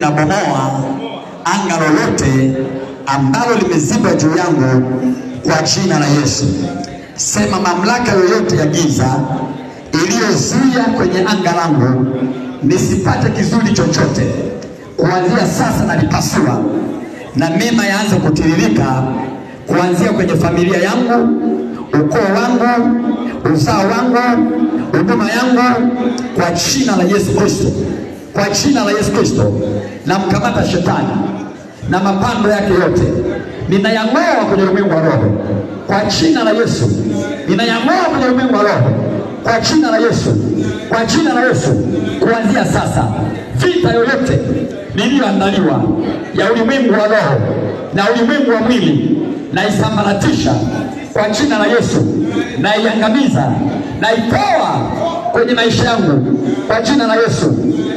Nabomoa anga lolote ambalo limeziba juu yangu kwa jina la Yesu. Sema, mamlaka yoyote ya giza iliyozuia kwenye anga langu nisipate kizuri chochote, kuanzia sasa nalipasua na mema yaanze kutiririka, kuanzia kwenye familia yangu, ukoo wangu, uzao wangu, huduma yangu, kwa jina la Yesu Kristo kwa jina la Yesu Kristo, namkamata shetani na mapando yake yote, ninayang'oa kwenye ulimwengu wa roho kwa jina la Yesu, ninayang'oa kwenye ulimwengu wa roho kwa jina la Yesu, kwa jina la Yesu. Kuanzia sasa, vita yoyote niliyoandaliwa ya ulimwengu wa roho na ulimwengu wa mwili naisambaratisha kwa jina la Yesu, naiangamiza, naitoa kwenye maisha yangu kwa jina la Yesu,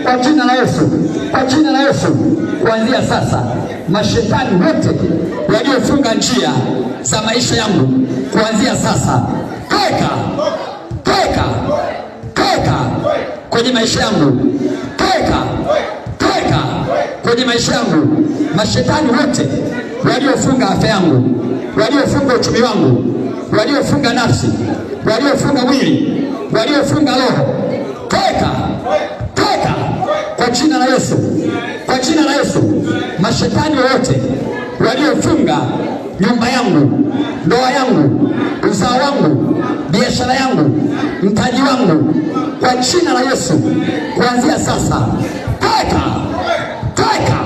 kwa jina la Yesu, kwa jina la Yesu. Kuanzia sasa, mashetani wote waliofunga njia za maisha yangu, kuanzia sasa, toka, toka, toka kwenye maisha yangu, toka, toka kwenye maisha yangu. Mashetani wote waliofunga afya yangu, waliofunga uchumi wangu, waliofunga nafsi, waliofunga mwili waliofunga roho, toka toka kwa jina la Yesu, kwa jina la Yesu. Mashetani wote waliofunga nyumba yangu, ndoa yangu, uzao wangu, biashara yangu, mtaji wangu, kwa jina la Yesu, kuanzia sasa toka toka,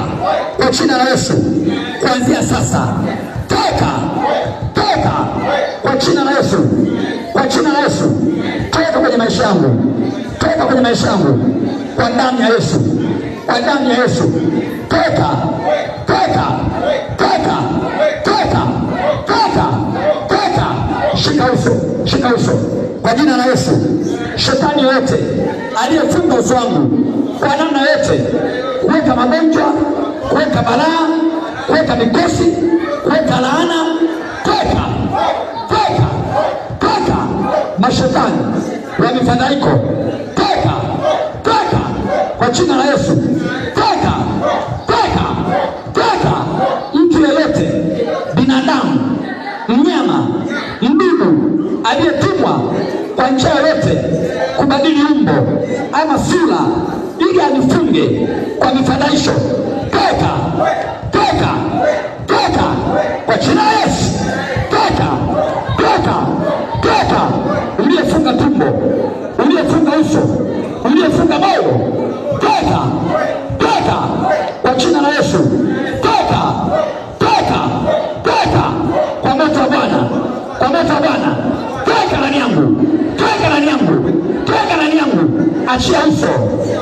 kwa jina la Yesu, kuanzia sasa toka toka, kwa jina la Yesu, kwa jina la Yesu yangu, toka kwenye maisha yangu kwa damu ya Yesu, kwa damu ya Yesu, toka, toka, toka, toka, toka, toka. Shika uso, shika uso kwa jina la Yesu. Shetani yote aliyefunga uso wangu kwa namna yote, kuweka magonjwa, kuweka balaa, kuweka mikosi, kuweka laana mashetani wa yaani mifadhaiko, toka toka kwa jina la Yesu, toka toka toka. Mtu yeyote, binadamu, mnyama, mdudu aliyetumwa kwa njia yoyote kubadili umbo ama sura ili anifunge kwa mifadhaisho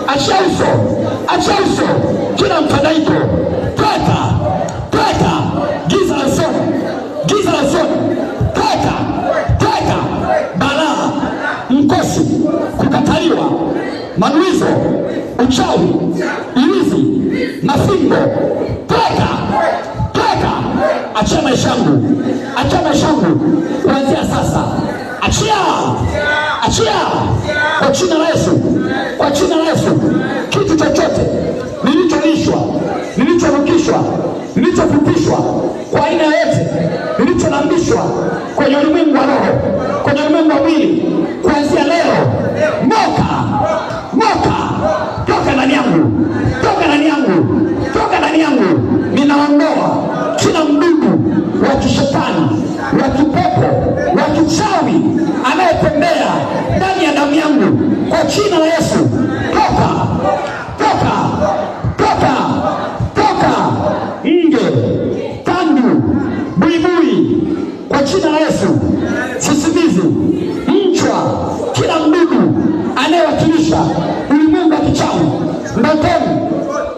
Achia uso, achia uso, kila mfadhaiko, toka, toka, giza la usoni, giza la usoni, toka, toka, balaa, mkosi, kukataliwa, manuizo, uchawi, wizi, mafingo, toka, toka, achia maisha yangu, achia maisha yangu kuanzia sasa, achia, achia kwa jina la Yesu. kilichofutishwa kwa aina yote, nilichonambishwa kwenye ulimwengu wa roho, kwenye ulimwengu wa mwili, kuanzia leo, moka moka, toka ndani yangu, toka ndani yangu, toka ndani yangu, ninaondoa kila mdudu kwa jina la Yesu, sisimizi, mchwa, kila mdudu anayewakilisha ulimwengu wa kichawi ndotoni,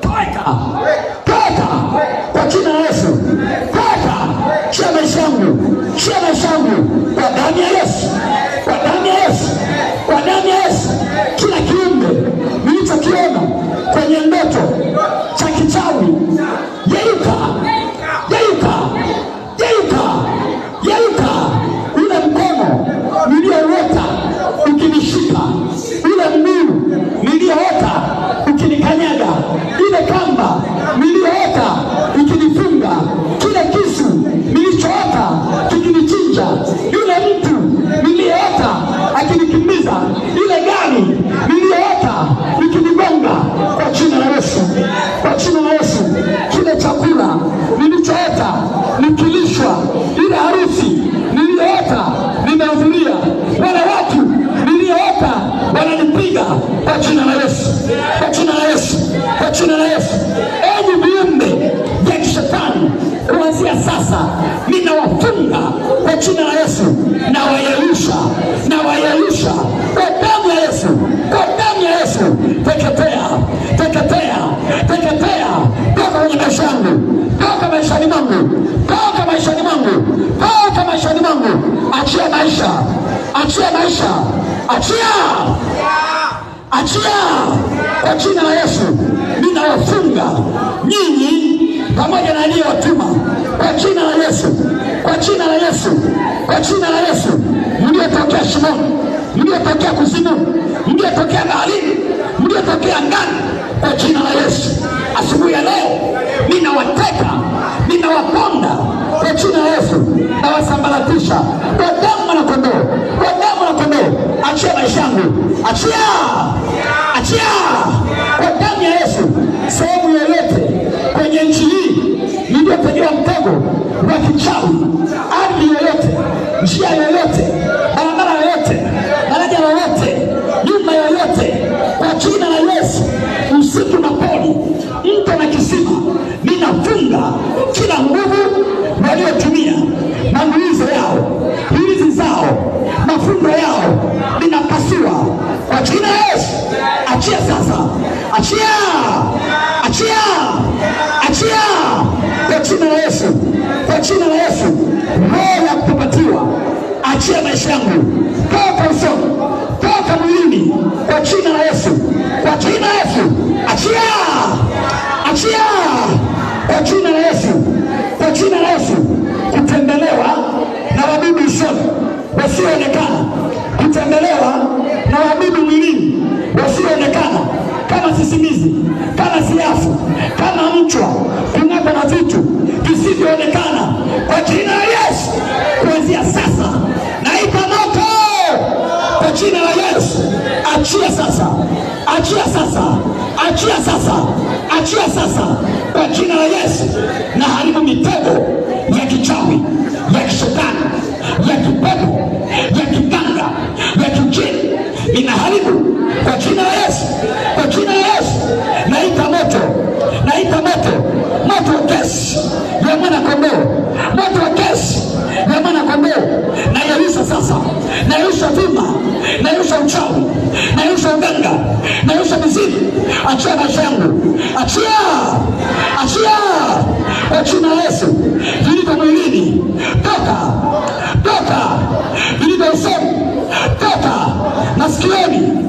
toka toka kwa jina la Yesu, toka chia maisha yangu chia Atina na cabeça. Nikataa kwa jina la Yesu, ninawafunga nyinyi pamoja na aliyewatuma kwa jina la Yesu, kwa jina la Yesu, kwa jina la Yesu. Mliotokea shimoni, mliotokea kuzimu, mliotokea baharini, mliotokea ngani kwa jina la Yesu, asubuhi ya leo ninawateka, ninawaponda kwa jina la Yesu, nawasambaratisha kwa damu na kondoo, kwa damu na kondoo. Achia maisha yangu Achia, achia kwa damu ya Yesu. Sehemu yoyote kwenye nchi hii iliyopigiwa mtego wa kichawi, ardhi yoyote, njia yoyote, barabara yoyote, daraja yoyote, nyumba yoyote, kwa jina la Yesu, usiku na poli, mto na kisima, ninafunga kila nguvu Achia, achia, achia kwa jina la Yesu, kwa jina la Yesu, roho ya kupapatiwa achia maisha yangu, toka usoni, toka mwilini, kwa jina la Yesu, kwa jina la Yesu, achia, achia kwa jina la Yesu, kwa jina la Yesu. kuanzia sasa naita moto kwa jina la Yesu. Achia sasa, achia sasa, achia sasa, achia sasa kwa jina la Yesu, na haribu mitego ya kichawi, ya kishetani, ya kipepo, ya kiganga, ya kijini nairusha dhima, nairusha uchawi, nairusha uganga, nairusha mizimu. Achia maisha yangu, achia, achia kwa jina la Yesu. Vilivyo mwilini toka, toka. Vilivyo usoni toka, masikioni